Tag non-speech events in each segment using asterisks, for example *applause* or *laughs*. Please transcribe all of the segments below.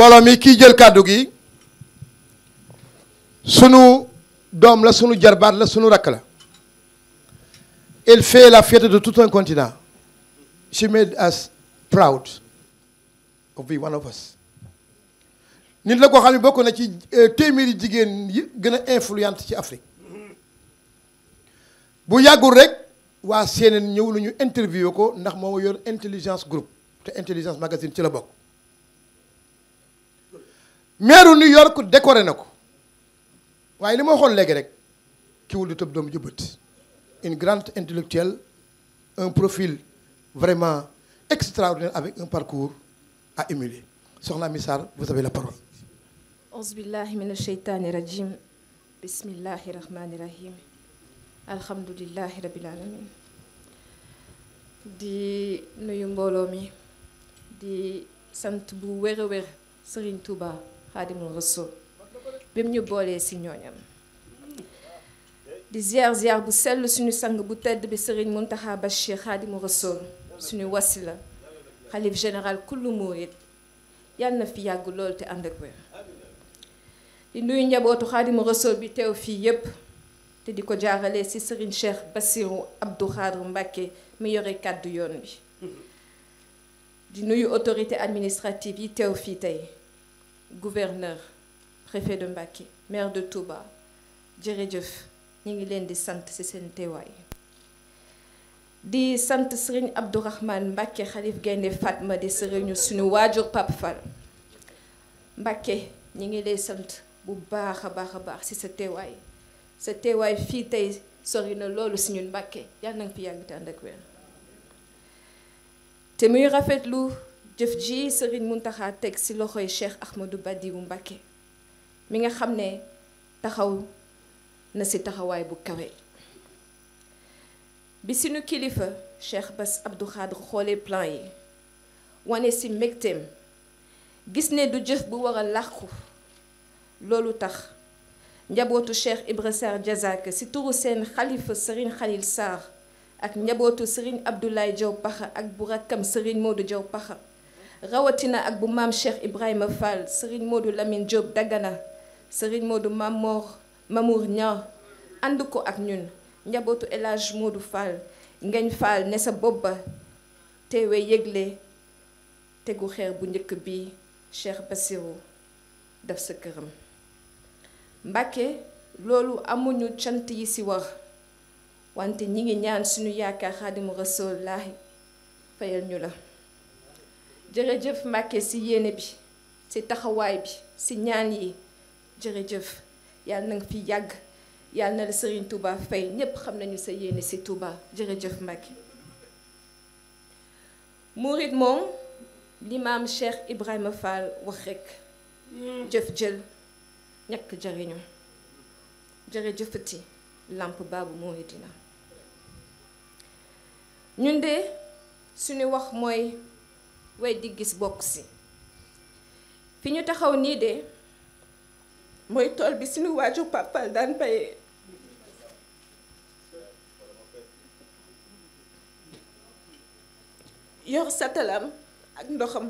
mbooloo mi kii jël kàddu gi sunu doom la sunu jarbaat la sunu rakk la il fait la fierté de tout un continent she made us proud of being one nit la ko xam ne bokk na ci euh, téeméeri jigéen yi gën a influente ci Afrique bu yàggul rek waa CNN ñëw lu ñu interview ko ndax moo yor intelligence group te intelligence magazine ci la bokk meeru New York décoré na ko waaye li ma waxoon léegi rek ki wul di tëb doom jëbët une un profil vraiment extraordinaire avec un parcours à émuler soxna Amy Sarr vous avez la parole auzu billahi min asheytani rajim bismillahi rahmani rahim alhamdulillahi rabbil alamin di nuyu mbooloo mi di sant bu wér a wér Serigne Touba xaadimu rasul bim ñu boolee ci ñooñam di ziar ziar bu sell suñu sang bu tedd bi Serigne Mountakha Bachir xaadimu rasul suñu wasila xalif général kullu murit yàlla na fi yàgg lool te ànd di nuyu njabootu xaadimu rasul bi teew fii yépp te di ko jaarale ci Serigne Cheikh Bassirou Abdou Khadre Mbacké mi yore kàddu yoon bi di nuyu autorité administrative yi teew fii tey gouverneur préfet de Mbacké maire de Touba jërëjëf ñu ngi leen di sant ci seen teewaay di sant sëriñ Abdourahmane Mbacké xalif gaynde Fatma di sëriñu suñu waajur Pape Fall Mbacké ñu ngi lay sant bu baax a baax a baax ci sa teewaay sa teewaay fii tey sori na loolu ci ñun Mbacké yàlla na nga fi yàgg te ànd te muy rafetlu jëf ji Serigne Mountakha teg ci loxoy Cheikh Ahmadou Badiou Mbacké mi nga xam ne taxaw na ci taxawaay bu kawe bi suñu kilifa Cheikh Bass Abdou Khadre xoolee plan yi wane ci mbégteem gis ne du jëf bu war a làqu loolu tax njabootu Cheikh Ibra Sarr ci turu seen xalifa Serigne Khalil Sarr ak njabootu Serigne Abdoulaye Diaw Paxa ak bu rakkam Serigne Modou Diaw Paxa rawatina ak bu maam Cheikh Ibrahima Fall Serigne Modou Lamine Diop Dagana Serigne Modou Mamour Mamour Niang ànd ko ak ñun njabootu El Hadj Modou Fall Ngagne Fall ne sa bopp ba teewe yëgle tegu xeer bu njëkk bi Cheikh Bassirou daf sa këram Mbàkke loolu amuñu cant yi ci war wante ñi ngi ñaan suñu yaakaar Xaadimu Rasululaahi fayal ñu la jërëjëf Mbàkke ci yéene bi ci taxawaay bi si ñaan yi jërëjëf yàlla na fi yàgg yàlla na la Serigne Touba fay ñépp xam nañu sa yéene si Touba jërëjëf Mbàkke murit moom li maam Cheikh Ibrahima Fall wax rekk jëf jël ñàkk jariñu jërëjëfati làmp baabu murit dina ñun de suñu wax mooy way di gis bokk si fi ñu taxaw nii de mooy tool bi suñu waaju pàppal daan bayee yor satalam ak ndoxam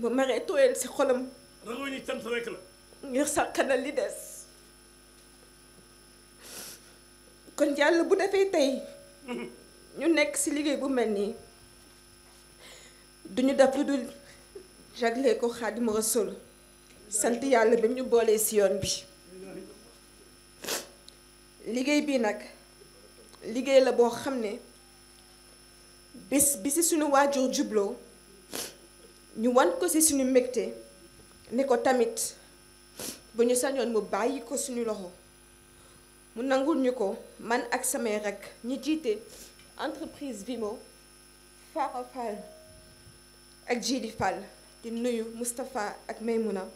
bu maree tooyal ci xolam. rajo yi ngir sàkkanal li des. kon yàlla bu defee tey ñu nekk ci liggéey bu mel nii duñu def lu dul jagle ko Xaadimu sol sant yàlla bi ñu boolee ci yoon bi liggéey bii nag liggéey la boo xam ne bis bi ci suñu waajur jubloo ñu wan ko ci suñu mbégte ne ko tamit bu ñu sañoon mu bàyyi ko suñu loxo mu nangul ñu ko man ak samay rak ñi jiite entreprise Vimo Fara Fall ak Jidi Fall di nuyu Moustapha ak Maymouna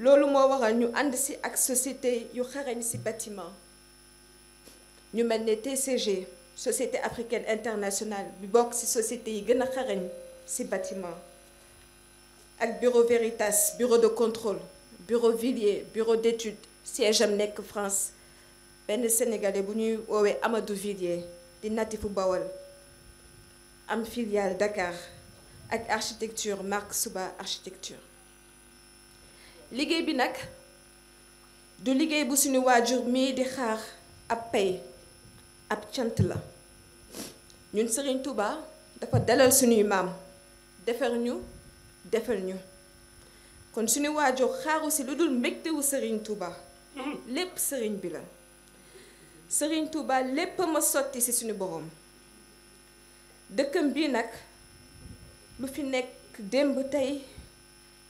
loolu moo waral ñu ànd si ak société yu xarañ si bâtiment ñu mel ni TCG société africaine internationale bi bokk ci société yi gën a xarañ ci bâtiment ak bureau Veritas bureau de contrôle bureau Villiers bureau d'études siège am nekk France benn sénégalais bu ñuy woowee Amadou Villiers di natifu Bawol am filiale Dakar ak architecture Marc suba architecture liggéey bi nag du liggéey bu suñu waajur mii di xaar ab pay ab cant la ñun sëriñ Touba dafa dalal suñuy maam defar ñu defal ñu kon suñu waajur xaaru si lu dul mbégtewu Serigne Touba mm-hmm. lépp sëriñ bi la sëriñ Touba lépp a ma sotti ci suñu borom dëkkam bii nag lu fi nekk démb tey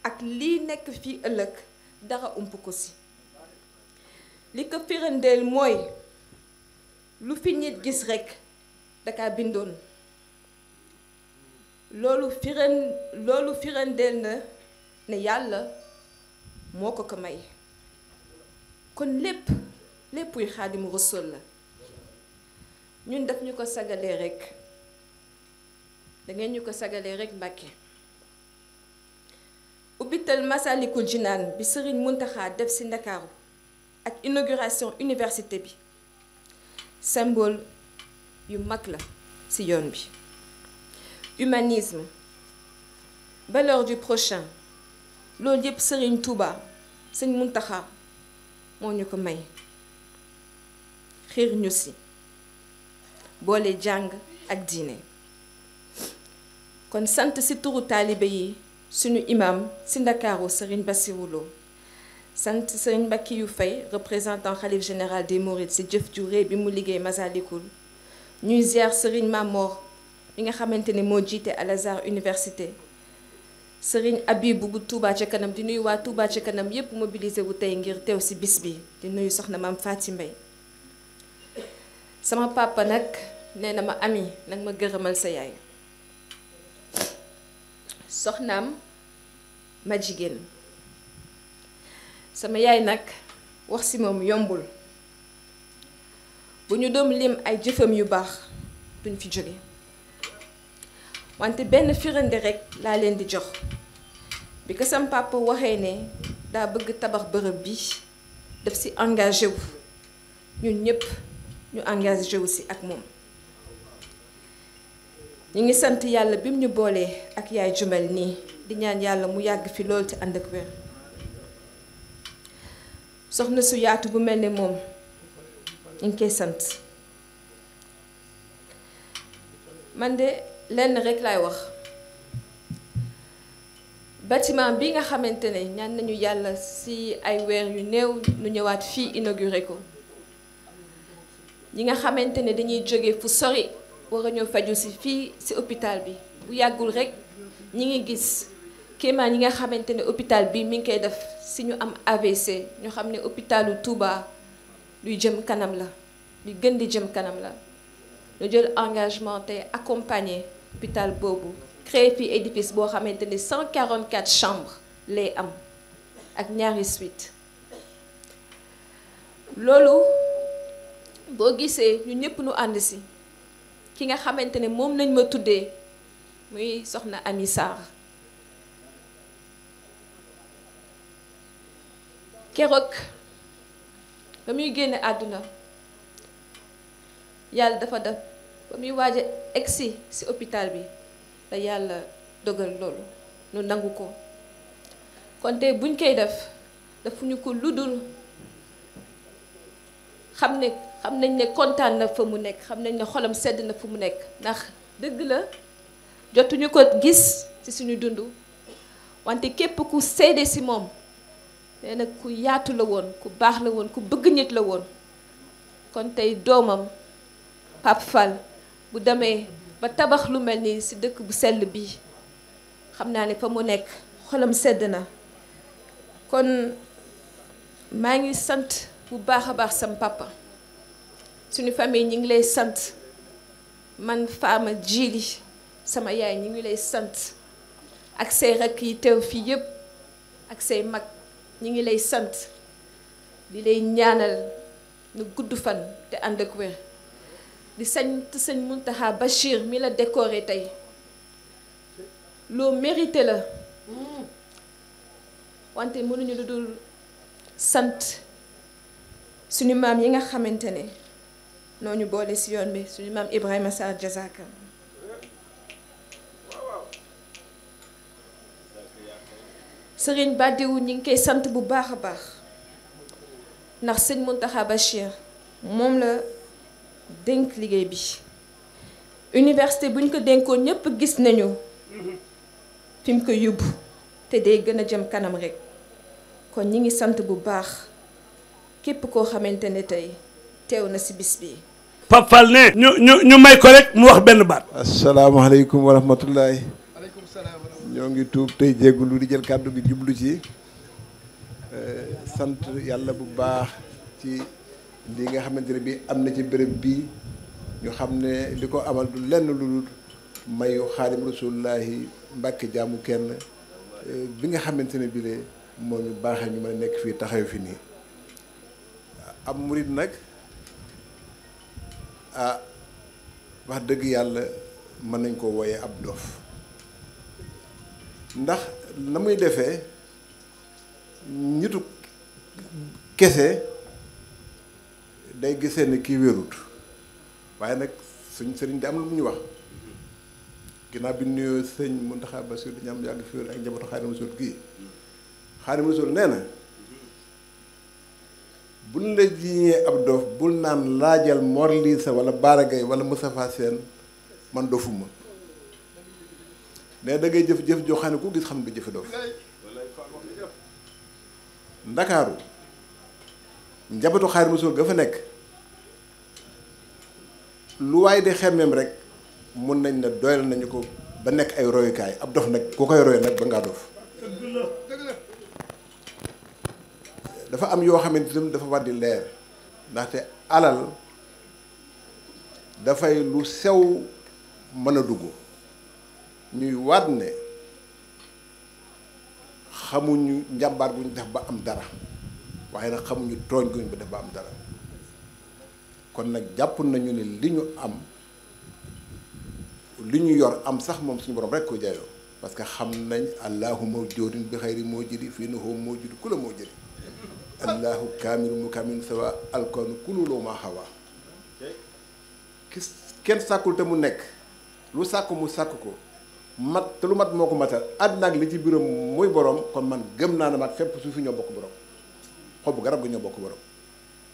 ak lii nekk fii ëllëg dara ump ko ci li ko firandeel mooy lu fi nit gis rekk daka bindoon loolu firan na ne yàlla moo ko ko may kon lépp lépp léppuy xaadimu rasul la ñun daf ñu ko sagalee rekk dangeen ñu ko sagalee rek mbàkke ubbital masalikul jinaan bi sëriñ muntaxa def ci ndakaaru ak inauguration université bi symbole yu mag la ci yoon bi humanisme valeur du prochain loolu yépp sëriñ tuuba sëñ muntaxa moo ñu ko may xiir ñu si boole jàng ak diine kon sant si turu taalibe yi suñu imam ci Ndakaaru Serigne Bassirou Lo sant Serigne yu Faye représentant xalif général des Mourides ci jëf ju rëy bi mu liggéey Masalikul ñuy ziar Serigne Mamor bi nga xamante ne moo jiite Al Azhar université Serigne Abibou bu Touba ca kanam di nuyu waa Touba ca kanam yépp mobilisé wu tey ngir teew ci bis bi di nuyu soxna maam ci Mbaye sama papa nag nee na ma ami nag ma gërëmal sa yaay soxnaam ma jigéen sama yaay nag wax si moom yombul bu ñu doom lim ay jëfam yu baax duñ fi jóge wante benn firande rekk laa leen di jox bi ko sam papa waxee ne daa bëgg tabax bërëb bi def ci engagé wu ñun ñépp ñu engagé aussi ak moom ñu ngi sant yàlla bim ñu boolee ak yaay jumel nii di ñaan yàlla mu yàgg fi loolu ci ànd ak wér soxna su yaatu bu mel ni moom ñi ngi koy sant man de lenn rekk lay wax bâtiment bi nga xamante ne ñaan nañu yàlla ci ay weer yu néew lu ñëwaat fii inauguré ko ñi nga xamante ne dañuy jóge fu sori war a ñëw faju si fii si hôpital bi bu yàggul rek ñi ngi gis kéemaan yi nga xamante ne hôpital bi mi ngi koy def si ñu am AVC ñu xam ne hôpitalu Touba luy jëm kanam la luy gën di jëm kanam la ñu jël engagement tey accompagner hôpital boobu créé fii édifice boo xamante ne 144 chambres lay am ak ñaari suite loolu boo gisee ñu ñëpp nu ànd si ki nga xamante ne moom nañ ma tuddee muy soxna Ami Sarr keroog ba muy génne àdduna yàlla dafa def ba muy waaj a egsi ci hôpital bi la yàlla dogal loolu nu nangu ko kon tey buñ koy def dafuñu ko ludul xam ne xam nañ ne kontaan na fa mu nekk xam nañ ne xolam sedd na fu mu nekk ndax dëgg la jotuñu ko gis ci suñu dund wante képp ku seede ci moom nee na ku yaatu la woon ku baax la woon ku bëgg nit la woon kon tey doomam Pape Fall bu demee ba tabax lu mel nii ci dëkk bu sell bii xam naa ni fa mu nekk xolam sedd na kon maa ngi sant bu baax a baax sam suñu famille ñi ngi lay sant man Fama Djily sama yaay ñi ngi lay sant ak say rakk yi teew fii yëpp ak say mag ñi ngi lay sant di lay ñaanal nu gudd fan te ànd ak wér di sant sëñ Muntaxa Bachir mi la décoré tey loo mérité la wante mënuñu lu dul sant suñu maam yi nga xamante ne noo boole si yoon bi suñu maam Ibrahima Sarr Diazaka sëriñ Badiou ñi ngi koy sant bu baax a baax ndax sëñ Mountakha Bachir moom la dénk liggéey bi université bu ñu ko dénkoon ñëpp gis nañu fim ko yóbbu te day gën a jëm kanam rekk kon ñi ngi sant bu baax képp koo xamante ne tey. teew na si ne ñu ñu ñu may ko rek mu wax benn baat asalaamaaleykum wa rahmatullahi aleykum salaam ñoo ngi tuub tey jéggulu di jël kàddu bi jublu ci eh, sant yàlla bu baax ci lii nga xamante ne bii am na ci bërëb bii ñu xam ne li ko amal du lenn lu dul mayu xaadim rasulullahi mbàkke jaamu kenn eh, bi nga xamante ne bi lee moo ñu baaxee ñu mën a nekk fii taxaw fi nii am murit nag ah wax dëgg yàlla mën nañ ko wooyee ab dof ndax na muy defee nitu kese day gis ne kii wérut waaye nag suñ sëriñ di am lu mu ñu wax ginnaaw bi nuyoo sëñ Mountakha Bassirou di ñam yàgg fi wér ak njabootu Xaadimu Rasuul gii Xaadimu Rasuul nee na buñ la jiiñee ab dof bul naan laajal Mor Lissa wala Bara Gaye wala Moustapha Sène man dofuma ne da jëf jëf joo xam ne ku gis xam du jëfe dof ndakaaru njabatu xaar mosul ga fa nekk lu waay de xemmeem rek mun nañ ne doyal nañu ko ba nekk ay royukaay ab dof nag koo koy roy nag ba ngaa dof dafa am yoo xamante ni dafa war di leer ndaxte alal dafay lu sew mën a dugg ñuy waat ne xamuñu njàmbaar guñ def ba am dara waaye nag xamuñu tooñ guñ def ba am dara kon nag jàpp nañu ne li ñu am li ñu yor am sax moom suñu borom rek ko jaayoo parce que xam nañ allahu moo jóorin bi xayri moo jëli fii na moo jëli ku la moo jëli allahu kaamilu mu kaamilu sawa alkoon kululoo ma xawa kenn sàkkul te mu nekk lu sàkk mu sàkk ko mat te lu mat moo ko matal àddina ak li ci biiram muy borom kon man gëm naa ne mag fépp suuf si bokk borom xobu garab gi ñoo bokk borom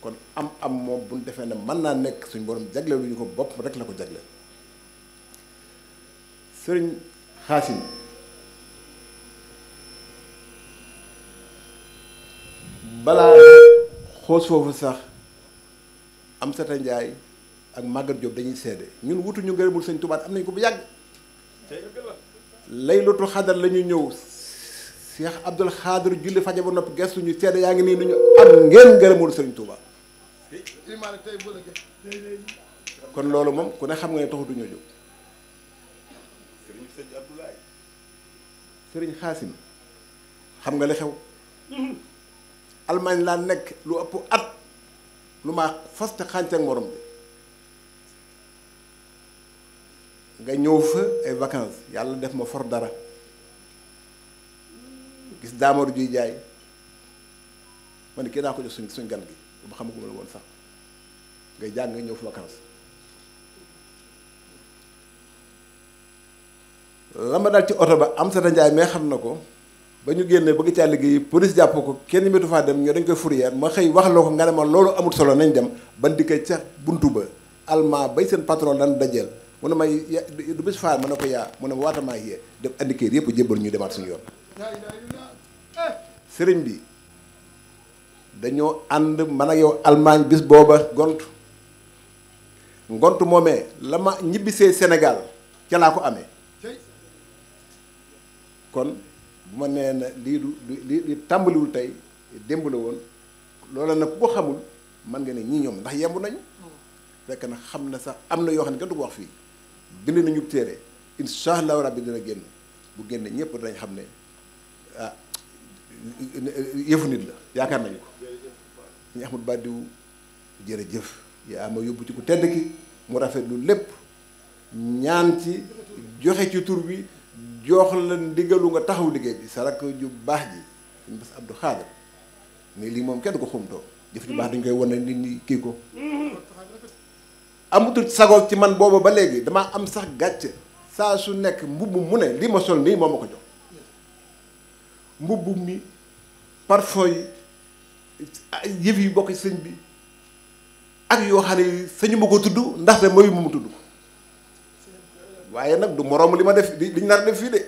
kon am am moom bu ñu defee ne mën naa nekk suñ borom jagle lu ñu ko bopp rek la ko jagle sëriñ xaasin balaa xoos foofu sax am sata njaay ak màggat Diop dañuy seede ñun wutuñu ngërëmul sëñ Tuubaa am nañ ko bu yàgg laylatu xadar la ñu ñëw Cheikh Abdul Xaadir julli faja ba noppi gestu ñu seede yaa ngi nii lu ñu am ngeen ngërëmul sëñ Tuubaa kon loolu moom ku ne xam nga ne taxu duñoo jóg sëriñ Xaasim xam nga li xew Allemagne laa nekk lu ëpp at lu ma fas te xànc ak morom bi nga ñëw fa ay vacances yàlla def ma for dara gis daamar juy jaay ma ne kii naa ko jox suñ suñ gan gi ko xamaguma la woon sax ngay jàng nga ñëw fa vacances la ma dal ci oto ba am sa njaay mais xam na ko ba ñu génnee bëgg caa liggéey police jàpp ko kenn métu faa dem ñoo dañ koy fourrière ma xëy wax loo ko nga ne ma loolu amul solo nañu dem ban dikkee ca bunt ba almaa bay seen patron daan dajeel mu ne may du bés faar ma ne ko yaa mu ne ma waatamaa yee def andi kër yëpp jébbal ñu demaat suñu yoon sëriñ bi dañoo ànd man ak yow almaañ bis booba gont ngont moomee la ma ñibbisee Sénégal ca laa ko amee bu ma nee lii du lii lii tàmbaliwul tey démb la woon loola nag ku ko xamul mën nga ne ñii ñoom ndax yemb nañu. fekk na xam na sax am na yoo xam ne kenn wax fii bind nañu téere incha allahu rabbi dina génn bu génne ñëpp danañ xam ne ah yëfu nit la yaakaar nañu ko. ñu Ahmadu Badiou jërëjëf yaa ma yóbbu ci ku tedd ki mu rafetlu lépp ñaan ci joxe ci tur bi. jox la ndigalu nga taxaw liggéey bi sa rakk ju baax ji suñu bés Abdou Xaadir ni lii moom kenn ko xumtoo jëf ju baax dañ koy wone nit ñi kii ko amutul sagoog ci man booba ba léegi damaa am sax gàcce saa su nekk mbubb mu ne lii ma sol nii moo ma ko jox mbubb mi parfum yi yëf yi bokk sëñ bi ak yoo xam ne sañu ma ko tudd ndaxte mooy mu mu tudd waaye nag du moroom li ma def li ñu nar def fii de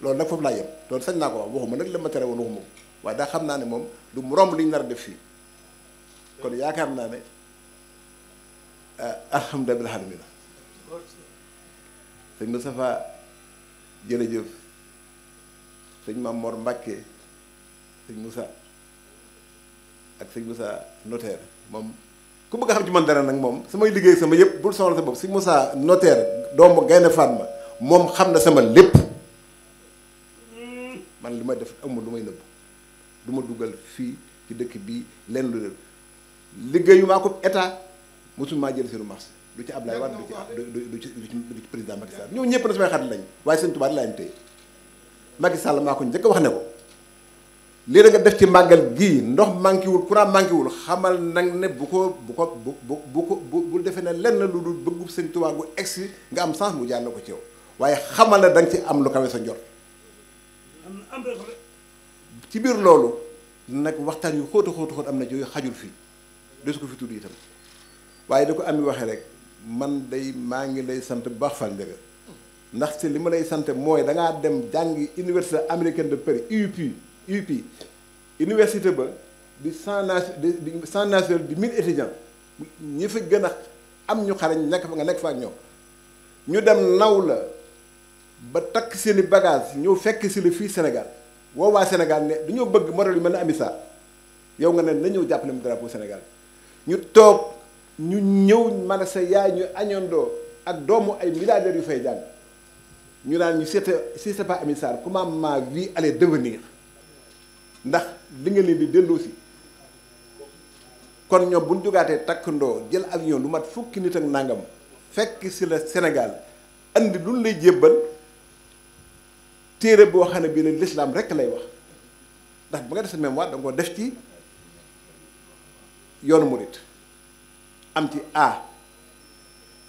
loolu nag foofu laa yem loolu sañ naa ko wax waxuma nag li ma tere woon waxuma ko waaye daa xam naa ne moom du moroom li ñu nar def fii kon yaakaar naa ne alhamdulilah alhamdulilah sëñ Moustapha jërëjëf sëñ Mamor Mbacke sëñ Moussa ak sëñ Moussa notaire ku bëgg a xam ci man dara nag moom samay liggéey sama yëpp bul sonal sa bopp si Moussa notaire doomu Gaynde Fatma moom xam na sama lépp man li ma def amul lu may nëbb du ma dugal fii ci dëkk bii lenn lu liggéeyu maa ko état mosul maa jël seenu marché lu ci Ablaye Wade du ci du ci du ci président Macky Sall ñoo ñëpp na samay xarit lañ waaye seen tubaab lañ tey Macky Sall maa ko njëkk wax ne ko. lii da nga def ci màggal gii ndox manqué wul courant manqué wul xamal nag ne bu ko bu ko bu bu ko bu bu defee ne lenn lu dul bëggu sëñ Tuubaa gu egsi nga am sens mu jàll ko ci yow waaye xamal na ci am lu kawe sa njort ci biir loolu nag waxtaan yu xóotu am na yooyu xajul fii desu ko fi tudd itam waaye da ko am waxee rek man day maa ngi lay sant bu baax fan njëga ndaxte li ma lay sant mooy dangaa ngaa dem jàngi université américaine de Paris UP UPI université ba di cent di di cent national di mille étudiants ñi fa gën a am ñu xarañ nekk fa nga nekk fa ak ñoom ñu dem naw la ba takk seeni i bagage ñëw fekk si la fii Sénégal woo waa Sénégal ne dañoo bëgg modèle yu mel ne Amissa yow nga ne na ñëw jàppale mu drapeau Sénégal ñu toog ñu ñëw man sa yaay ñu añandoo ak doomu ay milliardaires yu fay jàng ñu naan ñu si c'est pas Amissa comment ma vie allait devenir ndax di nga leen di delloosi kon ñoom bu ñu jógaatee takkandoo jël avion lu mat fukki nit ak nangam fekk si la Sénégal andi luñ lay jébbal téere boo xam ne bii la lislaam rekk lay wax ndax ba nga def sa mémoire da def ci yoonu murit am ci a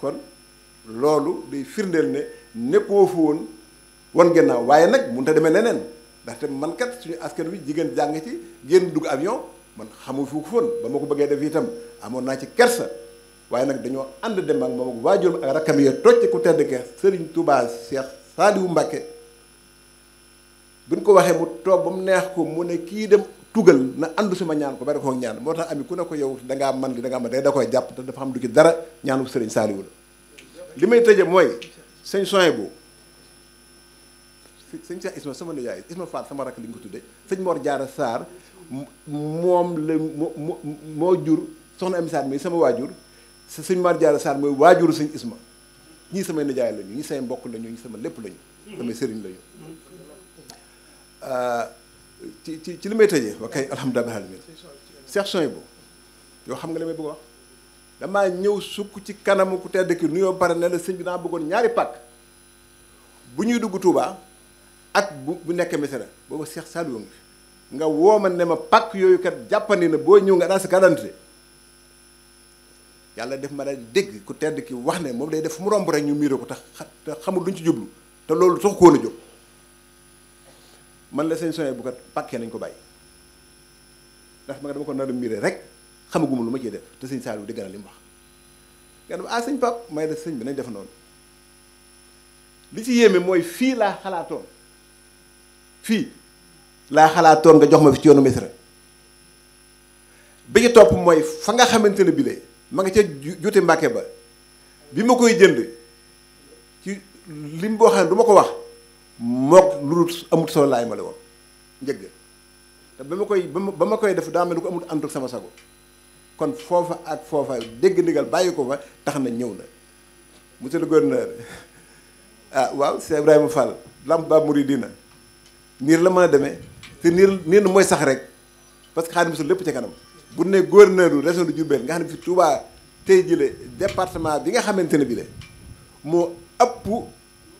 kon loolu day firndeel ne nekkoo fa woon wan gannaaw waaye nag mënut a demee leneen. ndaxte man kat suñu askan wi jigéen jàng ci génn dugg avion man xamu fu ko fon ba ma ko bëggee def itam amoon naa ci kersa waaye nag dañoo ànd dem ak moom ak waajuram ak rakkam ya tocc ku tedd ke Serigne Touba Cheikh Saliou Mbacké buñ ko waxee mu toog ba mu neex ko mu ne kii dem tugal na àndu ma ñaan ko bari ko ñaan moo tax ami ku ne ko yow da ngaa man li da ngaa man day da koy jàpp te dafa xam du dara ñaanu sëriñ Saliou la li may tëje mooy sëñ Sohaibou sëñ Cheikh Isma sama nijaay Isma Fall sama rakk li nga ko tudde sëñ Mor Diarra Sarr moom la moo moo jur soxna Ami Sarr mi sama waajur sëñ Mor Diarra Sarr mooy waajuru sëñ Isma ñii samay nijaay lañu ñii samay mbokk lañu ñii sama lépp lañu samay sëriñ lañu ci ci ci li may tëjee wa kay alhamdulilah alamin Cheikh Souhaibou yoo xam nga li may bëgg wax damaa ñëw sukk ci kanamu ku tedd ki nuyoo bare ne la sëñ bi naa bëggoon ñaari pàkk bu ñuy dugg Touba. ak bu bu nekk misira boobu Cheikh Saliou ngi nga woo ma ne ma pàkk yooyu kat jàppandi na boo ñëw nga daal sa garantie yàlla def ma daal dégg ku tedd ki wax ne moom day def mu romb rek ñu miiroo ko tax xamul ci jublu te loolu tax ko la seen bu kat pàkkee nañ ko bàyyi ndax ma nga dama ko nar a rek xamaguma lu ma ci def te sëñ Saliou dégg na li mu wax nga ne ah sëñ Pape may def sëñ bi nañ def noonu li ci yéeme mooy fii laa xalaatoon. fii laa xalaatoon nga jox ma fi ci yoonu Misra bi ci topp mooy fa nga xamante ne bile ma ngi ca juuti Mbàkke ba bi ma koy jënd ci lim boo xam du ma ko wax mook lu dul amut solo laay ma la woon njëgg te ba ma koy ba ma koy def daa mel ko amut àndul sama sago kon foofa ak foofa dégg ndigal bàyyi ko fa tax na ñëw na mu le gouverneur *laughs* ah waaw c'est Ibrahima Fall lam ba muri dina niir la mën a demee te niir niir mooy sax rek parce que Xaadimu Rasuul lépp ci kanam bu ne gouverneur u région de Diourbel nga xam ne fi Touba tey jële département bi nga xamante ne bi la moo ëpp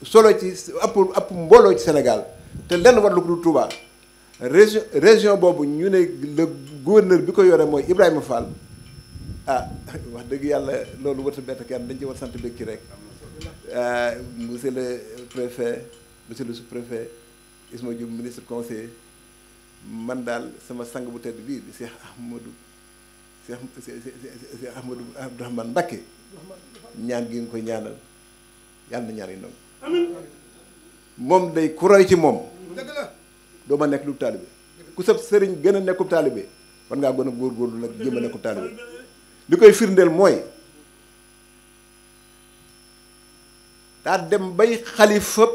solo ci ëpp ëpp mbooloo ci Sénégal te lenn war lu ko dul région région boobu ñu ne le gouverneur bi ko yore mooy Ibrahima Fall ah *laughs* wax dëgg yàlla loolu war sa bett kenn dañ ci war sant békki rek euh, monsieur le préfet monsieur le sous-préfet Isma Diouf ministre conseiller man daal sama sang bu tedd bii di Cheikh Ahmadou Cheikh Cheikh Ahmadou Abdourahmane Mbacké ñaan gi nga koy ñaanal yàlla na ñaan yi nangu amiin moom day ku roy ci moom doo ma nekk lu taalibe ku sab sëriñ gën a nekku taalibe war ngaa gën a góorgóorlu nag jëm a nekkub li koy firndeel mooy daa dem bay xalifab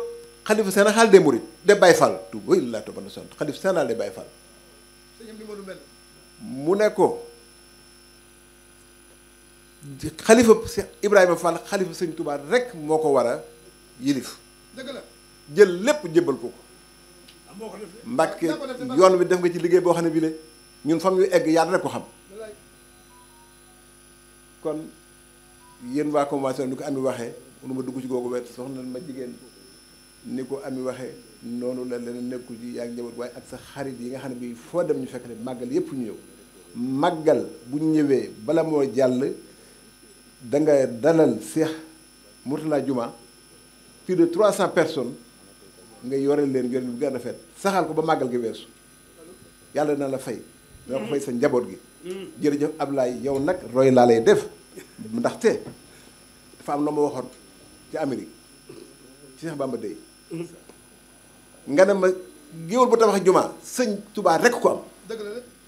xalifa général des de Baye Fall tuuba illaa tooba na sant xalifa général de Baye Fall mu ne ko xalifa Ibrahima Fall xalifa sëñ tubaab rek moo ko war a yilif dëgg la jël lépp jébbal ko ko Mbàkke yoon wi def nga ci liggéey boo xam ne bi ñun fam yu egg yàlla rek ko xam kon yéen waa convention ni ko ami waxee munu ma dugg ci googu wet soxna ma jigéen ni ko ami waxee noonu la leneen nekku ci yaa ngi njaboot waaye ak sa xarit yi nga xam ne bii foo dem ñu fekk ne màggal yëpp ñu yow màggal bu ñëwee bala moo jàll da nga dalal Seex Murtala Juma plus de 300 personnes nga yore leen yore bu gën a rafet saxal ko ba màggal gi weesu yàlla na la fay. dina ko fay sa njaboot gi. Mm. jërëjëf lay yow nag roy laa lay def ndaxte dafa am loo ma waxoon ci Amérique ci Seex Bamba dey nga dem ma géwél bu tabax jumaa sëñ Tuubaa rekk ko am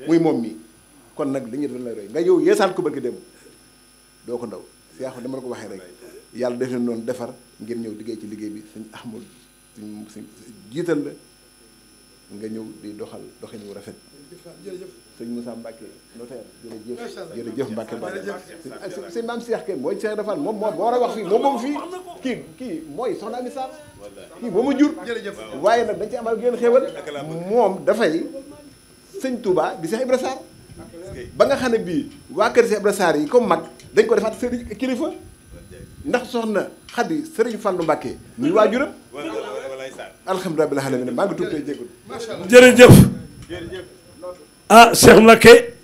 muy moom mii kon nag li ñu doon lay roy nga yow yeesaat ko bëgg dem doo ko ndaw siyaaxu dama la ko waxee rek yàlla def na noonu defar ngir ñëw liggéey ci liggéey bi suñ axamul sëñ jiital la nga ñëw di doxal doxin wu rafet sëñ Moussa Mbacke notaire jërëjëf jërëjëf Mbacke Mbacke sëñ maam Cheikh kenn mooy Cheikh dafa moom moo war a wax fii moom moom fii kii kii mooy soxna Ami Sarr kii moom a jur waaye nag dañ ci amal ngeen xéewal moom dafay sëñ tubaa di Cheikh Ibra Sarr ba nga xam ne bii waa kër Cheikh Ibra saar yi comme mag dañ ko defaat sëriñ kilifa ndax soxna Xadi sëriñ Fallou Mbacke muy waajuram alhamdulilah rabbil alamin maa ngi tuub tey jégalu jërëjëf ah Cheikh Mbacké